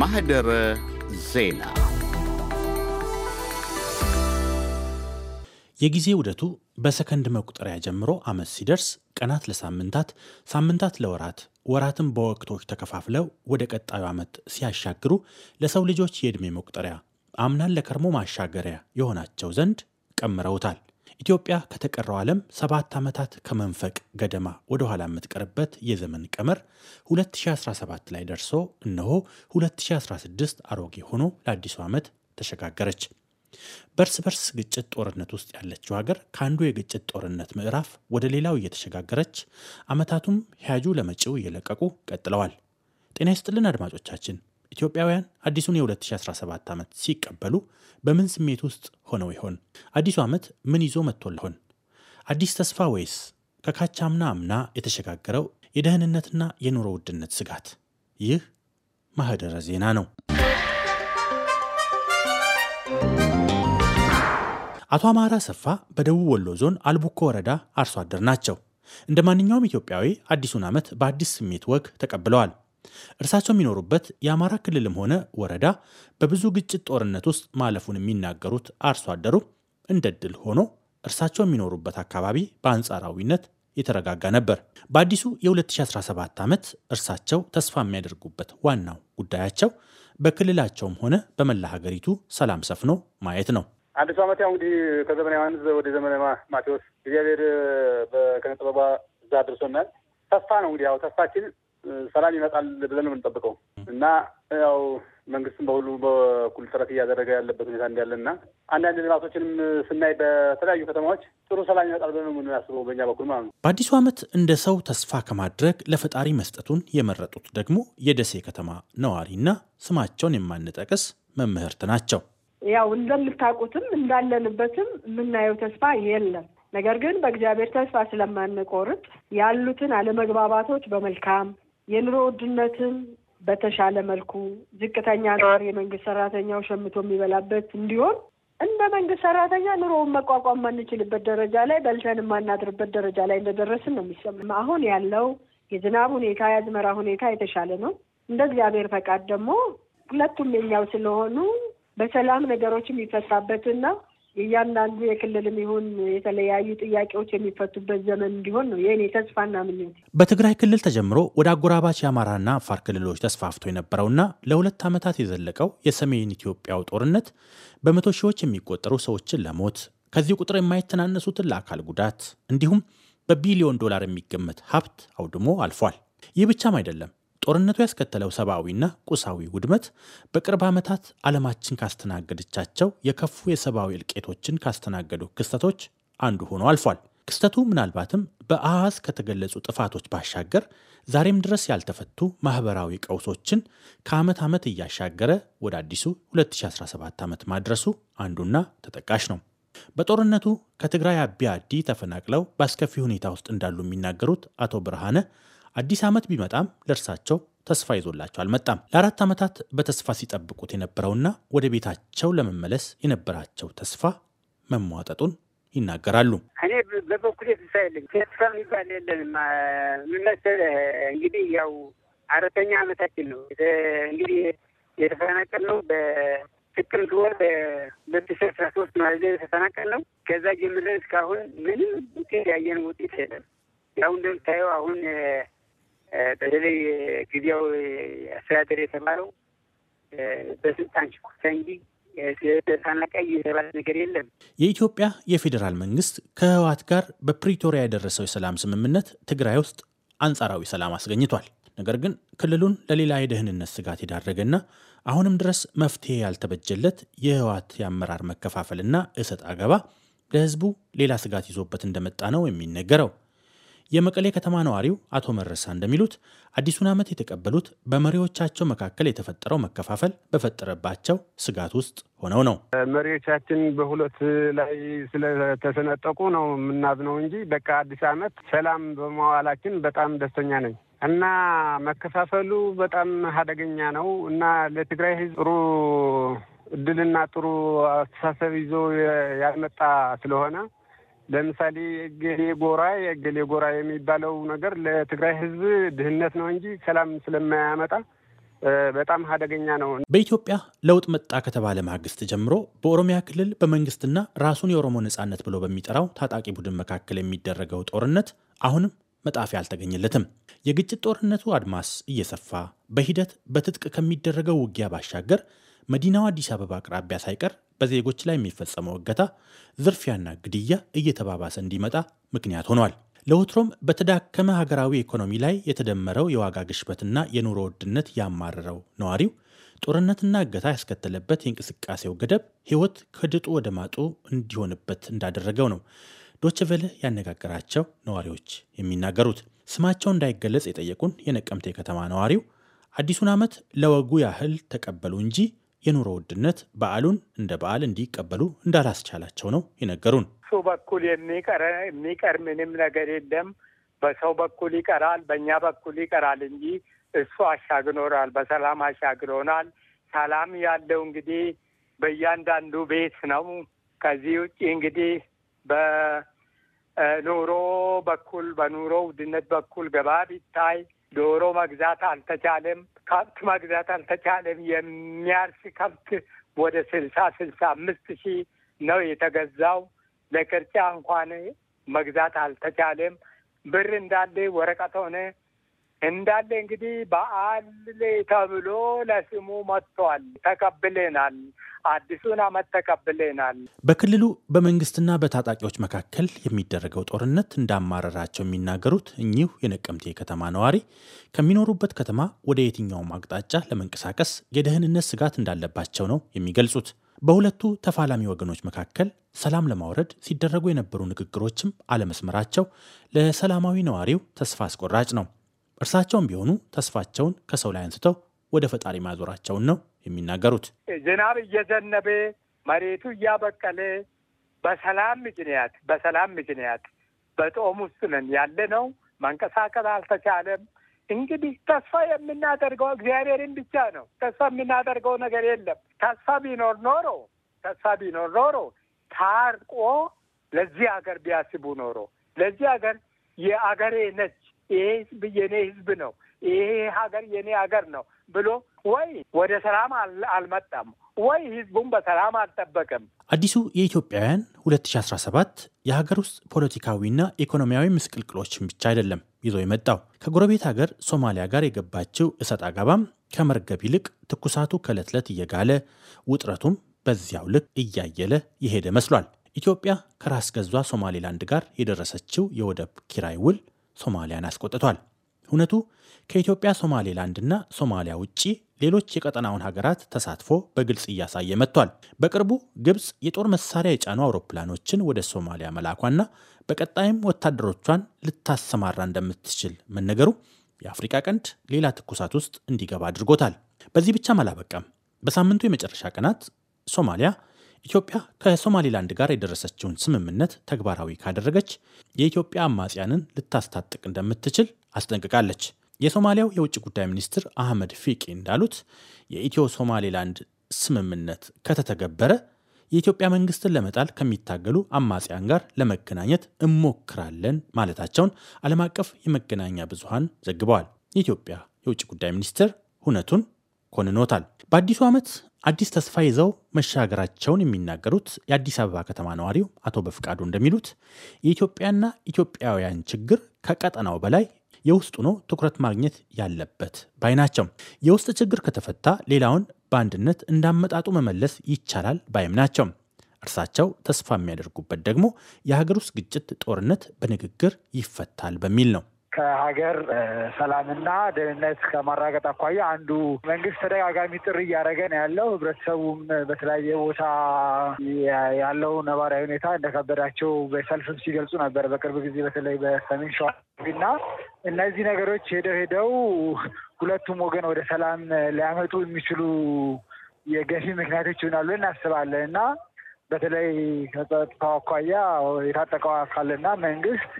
ማህደረ ዜና የጊዜ ውደቱ በሰከንድ መቁጠሪያ ጀምሮ አመት ሲደርስ ቀናት ለሳምንታት፣ ሳምንታት ለወራት፣ ወራትም በወቅቶች ተከፋፍለው ወደ ቀጣዩ ዓመት ሲያሻግሩ ለሰው ልጆች የዕድሜ መቁጠሪያ አምናን ለከርሞ ማሻገሪያ የሆናቸው ዘንድ ቀምረውታል። ኢትዮጵያ ከተቀረው ዓለም ሰባት ዓመታት ከመንፈቅ ገደማ ወደ ኋላ የምትቀርበት የዘመን ቀመር 2017 ላይ ደርሶ እነሆ 2016 አሮጌ ሆኖ ለአዲሱ ዓመት ተሸጋገረች። በእርስ በርስ ግጭት ጦርነት ውስጥ ያለችው ሀገር ከአንዱ የግጭት ጦርነት ምዕራፍ ወደ ሌላው እየተሸጋገረች ዓመታቱም ሂያጁ ለመጪው እየለቀቁ ቀጥለዋል። ጤና ይስጥልን አድማጮቻችን ኢትዮጵያውያን አዲሱን የ2017 ዓመት ሲቀበሉ በምን ስሜት ውስጥ ሆነው ይሆን? አዲሱ ዓመት ምን ይዞ መጥቶል ይሆን? አዲስ ተስፋ ወይስ ከካቻምና አምና የተሸጋገረው የደህንነትና የኑሮ ውድነት ስጋት? ይህ ማህደረ ዜና ነው። አቶ አማራ ሰፋ በደቡብ ወሎ ዞን አልቡኮ ወረዳ አርሶ አደር ናቸው። እንደ ማንኛውም ኢትዮጵያዊ አዲሱን ዓመት በአዲስ ስሜት ወግ ተቀብለዋል። እርሳቸው የሚኖሩበት የአማራ ክልልም ሆነ ወረዳ በብዙ ግጭት ጦርነት ውስጥ ማለፉን የሚናገሩት አርሶ አደሩ እንደ ድል ሆኖ እርሳቸው የሚኖሩበት አካባቢ በአንጻራዊነት የተረጋጋ ነበር። በአዲሱ የ2017 ዓመት እርሳቸው ተስፋ የሚያደርጉበት ዋናው ጉዳያቸው በክልላቸውም ሆነ በመላ ሀገሪቱ ሰላም ሰፍኖ ማየት ነው። ሰው ዓመት ያው እንግዲህ ከዘመነ ዮሐንስ ወደ ዘመነ ማቴዎስ እግዚአብሔር በከነጥበባ እዛ አድርሶናል። ተስፋ ነው እንግዲህ ያው ተስፋችን ሰላም ይመጣል ብለን ነው የምንጠብቀው እና ያው መንግስትም በሁሉ በኩል ጥረት እያደረገ ያለበት ሁኔታ እንዳለ እና አንዳንድ ልማቶችንም ስናይ በተለያዩ ከተማዎች ጥሩ ሰላም ይመጣል ብለን ነው የምናስበው በእኛ በኩል ማለት ነው። በአዲሱ ዓመት እንደ ሰው ተስፋ ከማድረግ ለፈጣሪ መስጠቱን የመረጡት ደግሞ የደሴ ከተማ ነዋሪና ስማቸውን የማንጠቅስ መምህርት ናቸው። ያው እንደምታውቁትም እንዳለንበትም የምናየው ተስፋ የለም። ነገር ግን በእግዚአብሔር ተስፋ ስለማንቆርጥ ያሉትን አለመግባባቶች በመልካም የኑሮ ውድነትም በተሻለ መልኩ ዝቅተኛ ነዋሪ የመንግስት ሰራተኛው ሸምቶ የሚበላበት እንዲሆን እንደ መንግስት ሰራተኛ ኑሮውን መቋቋም ማንችልበት ደረጃ ላይ በልተን የማናድርበት ደረጃ ላይ እንደደረስን ነው የሚሰማ። አሁን ያለው የዝናብ ሁኔታ የአዝመራ ሁኔታ የተሻለ ነው። እንደ እግዚአብሔር ፈቃድ ደግሞ ሁለቱም የኛው ስለሆኑ በሰላም ነገሮች የሚፈታበትና እያንዳንዱ የክልልም ይሁን የተለያዩ ጥያቄዎች የሚፈቱበት ዘመን እንዲሆን ነው የኔ ተስፋና ምኞት። በትግራይ ክልል ተጀምሮ ወደ አጎራባች የአማራና አፋር ክልሎች ተስፋፍቶ የነበረውና ለሁለት ዓመታት የዘለቀው የሰሜን ኢትዮጵያው ጦርነት በመቶ ሺዎች የሚቆጠሩ ሰዎችን ለሞት ከዚህ ቁጥር የማይተናነሱትን ለአካል ጉዳት እንዲሁም በቢሊዮን ዶላር የሚገመት ሀብት አውድሞ አልፏል። ይህ ብቻም አይደለም። ጦርነቱ ያስከተለው ሰብአዊና ቁሳዊ ውድመት በቅርብ ዓመታት ዓለማችን ካስተናገደቻቸው የከፉ የሰብአዊ እልቄቶችን ካስተናገዱ ክስተቶች አንዱ ሆኖ አልፏል። ክስተቱ ምናልባትም በአሃዝ ከተገለጹ ጥፋቶች ባሻገር ዛሬም ድረስ ያልተፈቱ ማህበራዊ ቀውሶችን ከዓመት ዓመት እያሻገረ ወደ አዲሱ 2017 ዓመት ማድረሱ አንዱና ተጠቃሽ ነው። በጦርነቱ ከትግራይ አቢያዲ ተፈናቅለው በአስከፊ ሁኔታ ውስጥ እንዳሉ የሚናገሩት አቶ ብርሃነ አዲስ ዓመት ቢመጣም ለእርሳቸው ተስፋ ይዞላቸው አልመጣም። ለአራት ዓመታት በተስፋ ሲጠብቁት የነበረውና ወደ ቤታቸው ለመመለስ የነበራቸው ተስፋ መሟጠጡን ይናገራሉ። እኔ በበኩሌ ተስፋ የለኝ ተስፋ የሚባል የለንም። ምን መሰለህ እንግዲህ ያው አራተኛ ዓመታችን ነው እንግዲህ የተፈናቀል ነው በጥቅምት ወር በሁለት ሺህ አስራ ሶስት ማለት የተፈናቀል ነው። ከዛ ጀምረን እስካሁን ምንም ውጤት ያየን ውጤት የለም። ያው እንደምታየው አሁን በተለይ ጊዜያዊ አስተዳደር የተባለው በስልጣን ሽኩቻ እንጂ የተባለ ነገር የለም። የኢትዮጵያ የፌዴራል መንግስት ከህወሓት ጋር በፕሪቶሪያ የደረሰው የሰላም ስምምነት ትግራይ ውስጥ አንጻራዊ ሰላም አስገኝቷል። ነገር ግን ክልሉን ለሌላ የደህንነት ስጋት የዳረገና አሁንም ድረስ መፍትሄ ያልተበጀለት የህወሓት የአመራር መከፋፈልና እሰጥ አገባ ለህዝቡ ሌላ ስጋት ይዞበት እንደመጣ ነው የሚነገረው። የመቀሌ ከተማ ነዋሪው አቶ መረሳ እንደሚሉት አዲሱን ዓመት የተቀበሉት በመሪዎቻቸው መካከል የተፈጠረው መከፋፈል በፈጠረባቸው ስጋት ውስጥ ሆነው ነው። መሪዎቻችን በሁለት ላይ ስለተሰነጠቁ ነው የምናዝነው እንጂ በቃ አዲስ ዓመት ሰላም በመዋላችን በጣም ደስተኛ ነኝ እና መከፋፈሉ በጣም አደገኛ ነው እና ለትግራይ ሕዝብ ጥሩ እድልና ጥሩ አስተሳሰብ ይዞ ያልመጣ ስለሆነ ለምሳሌ የገሌ ጎራ የገሌ ጎራ የሚባለው ነገር ለትግራይ ህዝብ ድህነት ነው እንጂ ሰላም ስለማያመጣ በጣም አደገኛ ነው። በኢትዮጵያ ለውጥ መጣ ከተባለ ማግስት ጀምሮ በኦሮሚያ ክልል በመንግስትና ራሱን የኦሮሞ ነጻነት ብሎ በሚጠራው ታጣቂ ቡድን መካከል የሚደረገው ጦርነት አሁንም መጣፊያ አልተገኘለትም። የግጭት ጦርነቱ አድማስ እየሰፋ በሂደት በትጥቅ ከሚደረገው ውጊያ ባሻገር መዲናው አዲስ አበባ አቅራቢያ ሳይቀር በዜጎች ላይ የሚፈጸመው እገታ፣ ዝርፊያና ግድያ እየተባባሰ እንዲመጣ ምክንያት ሆኗል። ለወትሮም በተዳከመ ሀገራዊ ኢኮኖሚ ላይ የተደመረው የዋጋ ግሽበትና የኑሮ ውድነት ያማረረው ነዋሪው ጦርነትና እገታ ያስከተለበት የእንቅስቃሴው ገደብ ሕይወት ከድጡ ወደ ማጡ እንዲሆንበት እንዳደረገው ነው ዶችቨለ ያነጋገራቸው ነዋሪዎች የሚናገሩት። ስማቸው እንዳይገለጽ የጠየቁን የነቀምቴ ከተማ ነዋሪው አዲሱን ዓመት ለወጉ ያህል ተቀበሉ እንጂ የኑሮ ውድነት በዓሉን እንደ በዓል እንዲቀበሉ እንዳላስቻላቸው ነው የነገሩን። እሱ በኩል የሚቀር ምንም ነገር የለም። በሰው በኩል ይቀራል፣ በእኛ በኩል ይቀራል እንጂ እሱ አሻግኖራል፣ በሰላም አሻግሮናል። ሰላም ያለው እንግዲህ በእያንዳንዱ ቤት ነው። ከዚህ ውጭ እንግዲህ በኑሮ በኩል በኑሮ ውድነት በኩል ገባ ቢታይ ዶሮ መግዛት አልተቻለም፣ ከብት መግዛት አልተቻለም። የሚያርስ ከብት ወደ ስልሳ ስልሳ አምስት ሺህ ነው የተገዛው። ለቅርጫ እንኳን መግዛት አልተቻለም። ብር እንዳለ ወረቀት ሆነ እንዳለ እንግዲህ በዓል ተብሎ ለስሙ መጥቷል። ተቀብለናል። አዲሱን ዓመት ተቀብለናል። በክልሉ በመንግስትና በታጣቂዎች መካከል የሚደረገው ጦርነት እንዳማረራቸው የሚናገሩት እኚሁ የነቀምቴ ከተማ ነዋሪ ከሚኖሩበት ከተማ ወደ የትኛውም አቅጣጫ ለመንቀሳቀስ የደህንነት ስጋት እንዳለባቸው ነው የሚገልጹት። በሁለቱ ተፋላሚ ወገኖች መካከል ሰላም ለማውረድ ሲደረጉ የነበሩ ንግግሮችም አለመስመራቸው ለሰላማዊ ነዋሪው ተስፋ አስቆራጭ ነው። እርሳቸውም ቢሆኑ ተስፋቸውን ከሰው ላይ አንስተው ወደ ፈጣሪ ማዞራቸውን ነው የሚናገሩት። ዝናብ እየዘነበ መሬቱ እያበቀለ በሰላም ምክንያት በሰላም ምክንያት በጦም ውስጥ ነን ያለ ነው። መንቀሳቀስ አልተቻለም። እንግዲህ ተስፋ የምናደርገው እግዚአብሔርን ብቻ ነው። ተስፋ የምናደርገው ነገር የለም። ተስፋ ቢኖር ኖሮ ተስፋ ቢኖር ኖሮ ታርቆ ለዚህ ሀገር ቢያስቡ ኖሮ ለዚህ ሀገር የአገሬ ነች ይሄ ህዝብ የኔ ህዝብ ነው፣ ይሄ ሀገር የኔ ሀገር ነው ብሎ ወይ ወደ ሰላም አልመጣም ወይ ህዝቡን በሰላም አልጠበቅም። አዲሱ የኢትዮጵያውያን 2017 የሀገር ውስጥ ፖለቲካዊና ኢኮኖሚያዊ ምስቅልቅሎችን ብቻ አይደለም ይዞ የመጣው ከጎረቤት ሀገር ሶማሊያ ጋር የገባችው እሰጥ አገባም ከመርገብ ይልቅ ትኩሳቱ ከዕለት ዕለት እየጋለ ውጥረቱም በዚያው ልክ እያየለ የሄደ መስሏል። ኢትዮጵያ ከራስ ገዟ ሶማሌላንድ ጋር የደረሰችው የወደብ ኪራይ ውል ሶማሊያን አስቆጥቷል። እውነቱ ከኢትዮጵያ ሶማሌላንድና ሶማሊያ ውጪ ሌሎች የቀጠናውን ሀገራት ተሳትፎ በግልጽ እያሳየ መጥቷል። በቅርቡ ግብፅ የጦር መሳሪያ የጫኑ አውሮፕላኖችን ወደ ሶማሊያ መላኳና በቀጣይም ወታደሮቿን ልታሰማራ እንደምትችል መነገሩ የአፍሪካ ቀንድ ሌላ ትኩሳት ውስጥ እንዲገባ አድርጎታል። በዚህ ብቻም አላበቃም። በሳምንቱ የመጨረሻ ቀናት ሶማሊያ ኢትዮጵያ ከሶማሊላንድ ጋር የደረሰችውን ስምምነት ተግባራዊ ካደረገች የኢትዮጵያ አማጽያንን ልታስታጥቅ እንደምትችል አስጠንቅቃለች። የሶማሊያው የውጭ ጉዳይ ሚኒስትር አህመድ ፊቂ እንዳሉት የኢትዮ ሶማሌላንድ ስምምነት ከተተገበረ የኢትዮጵያ መንግስትን ለመጣል ከሚታገሉ አማጽያን ጋር ለመገናኘት እሞክራለን ማለታቸውን ዓለም አቀፍ የመገናኛ ብዙሃን ዘግበዋል። የኢትዮጵያ የውጭ ጉዳይ ሚኒስትር ሁነቱን ኮንኖታል። በአዲሱ ዓመት አዲስ ተስፋ ይዘው መሻገራቸውን የሚናገሩት የአዲስ አበባ ከተማ ነዋሪው አቶ በፍቃዱ እንደሚሉት የኢትዮጵያና ኢትዮጵያውያን ችግር ከቀጠናው በላይ የውስጡ ነው ትኩረት ማግኘት ያለበት ባይ ናቸው። የውስጥ ችግር ከተፈታ ሌላውን በአንድነት እንዳመጣጡ መመለስ ይቻላል ባይም ናቸው። እርሳቸው ተስፋ የሚያደርጉበት ደግሞ የሀገር ውስጥ ግጭት ጦርነት በንግግር ይፈታል በሚል ነው። ከሀገር ሰላምና ደህንነት ከማራገጥ አኳያ አንዱ መንግስት ተደጋጋሚ ጥሪ እያደረገ ነው ያለው። ህብረተሰቡም በተለያየ ቦታ ያለው ነባራዊ ሁኔታ እንደከበዳቸው በሰልፍም ሲገልጹ ነበር። በቅርብ ጊዜ በተለይ በሰሜን ሸዋ እና እነዚህ ነገሮች ሄደው ሄደው ሁለቱም ወገን ወደ ሰላም ሊያመጡ የሚችሉ የገፊ ምክንያቶች ይሆናሉ እናስባለን እና በተለይ ከጸጥታው አኳያ የታጠቀው አካልና መንግስት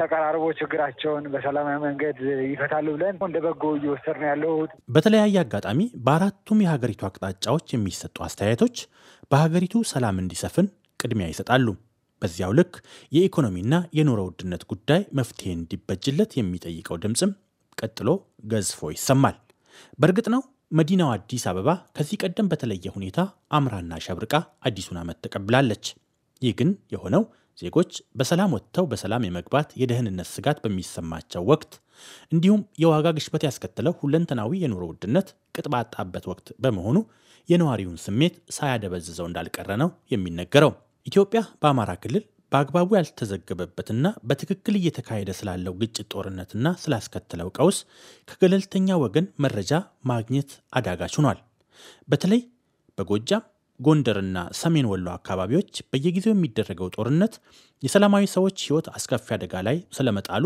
ተቀራርቦ ችግራቸውን በሰላማዊ መንገድ ይፈታሉ ብለን እንደ በጎ እየወሰድ ነው ያለሁት። በተለያየ አጋጣሚ በአራቱም የሀገሪቱ አቅጣጫዎች የሚሰጡ አስተያየቶች በሀገሪቱ ሰላም እንዲሰፍን ቅድሚያ ይሰጣሉ። በዚያው ልክ የኢኮኖሚና የኑሮ ውድነት ጉዳይ መፍትሄ እንዲበጅለት የሚጠይቀው ድምፅም ቀጥሎ ገዝፎ ይሰማል። በእርግጥ ነው መዲናው አዲስ አበባ ከዚህ ቀደም በተለየ ሁኔታ አምራና ሸብርቃ አዲሱን ዓመት ተቀብላለች። ይህ ግን የሆነው ዜጎች በሰላም ወጥተው በሰላም የመግባት የደህንነት ስጋት በሚሰማቸው ወቅት እንዲሁም የዋጋ ግሽበት ያስከተለው ሁለንተናዊ የኑሮ ውድነት ቅጥባጣበት ወቅት በመሆኑ የነዋሪውን ስሜት ሳያደበዝዘው እንዳልቀረ ነው የሚነገረው። ኢትዮጵያ በአማራ ክልል በአግባቡ ያልተዘገበበትና በትክክል እየተካሄደ ስላለው ግጭት ጦርነትና ስላስከተለው ቀውስ ከገለልተኛ ወገን መረጃ ማግኘት አዳጋች ሆኗል። በተለይ በጎጃም ጎንደርና ሰሜን ወሎ አካባቢዎች በየጊዜው የሚደረገው ጦርነት የሰላማዊ ሰዎች ሕይወት አስከፊ አደጋ ላይ ስለመጣሉ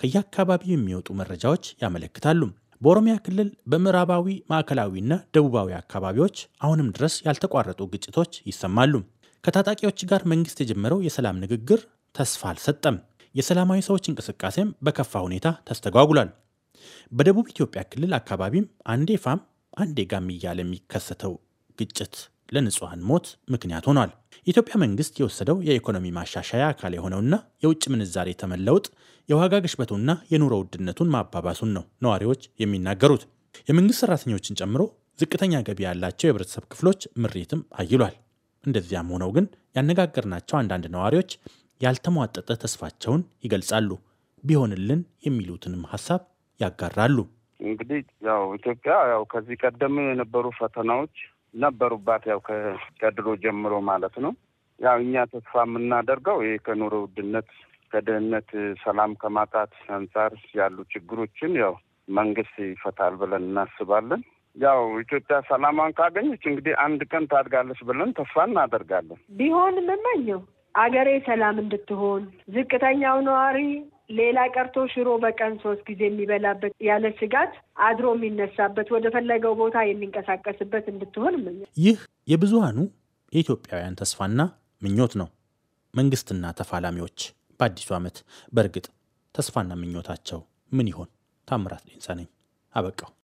ከየአካባቢው የሚወጡ መረጃዎች ያመለክታሉ። በኦሮሚያ ክልል በምዕራባዊ ማዕከላዊና ደቡባዊ አካባቢዎች አሁንም ድረስ ያልተቋረጡ ግጭቶች ይሰማሉ። ከታጣቂዎች ጋር መንግስት የጀመረው የሰላም ንግግር ተስፋ አልሰጠም። የሰላማዊ ሰዎች እንቅስቃሴም በከፋ ሁኔታ ተስተጓጉሏል። በደቡብ ኢትዮጵያ ክልል አካባቢም አንዴ ፋም አንዴ ጋም እያለ የሚከሰተው ግጭት ለንጹሐን ሞት ምክንያት ሆኗል። የኢትዮጵያ መንግስት የወሰደው የኢኮኖሚ ማሻሻያ አካል የሆነውና የውጭ ምንዛሬ ተመለውጥ የዋጋ ግሽበቱና የኑሮ ውድነቱን ማባባሱን ነው ነዋሪዎች የሚናገሩት። የመንግስት ሰራተኞችን ጨምሮ ዝቅተኛ ገቢ ያላቸው የህብረተሰብ ክፍሎች ምሬትም አይሏል። እንደዚያም ሆነው ግን ያነጋገርናቸው አንዳንድ ነዋሪዎች ያልተሟጠጠ ተስፋቸውን ይገልጻሉ። ቢሆንልን የሚሉትንም ሀሳብ ያጋራሉ። እንግዲህ ያው ኢትዮጵያ ያው ከዚህ ቀደም የነበሩ ፈተናዎች ነበሩባት ያው ከድሮ ጀምሮ ማለት ነው። ያው እኛ ተስፋ የምናደርገው ይህ ከኑሮ ውድነት ከድህነት፣ ሰላም ከማጣት አንጻር ያሉ ችግሮችን ያው መንግስት ይፈታል ብለን እናስባለን። ያው ኢትዮጵያ ሰላሟን ካገኘች እንግዲህ አንድ ቀን ታድጋለች ብለን ተስፋ እናደርጋለን። ቢሆን የምመኘው አገሬ ሰላም እንድትሆን ዝቅተኛው ነዋሪ ሌላ ቀርቶ ሽሮ በቀን ሶስት ጊዜ የሚበላበት ያለ ስጋት አድሮ የሚነሳበት ወደ ፈለገው ቦታ የሚንቀሳቀስበት እንድትሆን ምኝ ይህ የብዙሃኑ የኢትዮጵያውያን ተስፋና ምኞት ነው። መንግስትና ተፋላሚዎች በአዲሱ ዓመት በእርግጥ ተስፋና ምኞታቸው ምን ይሆን? ታምራት ዴንሳ ነኝ። አበቃው።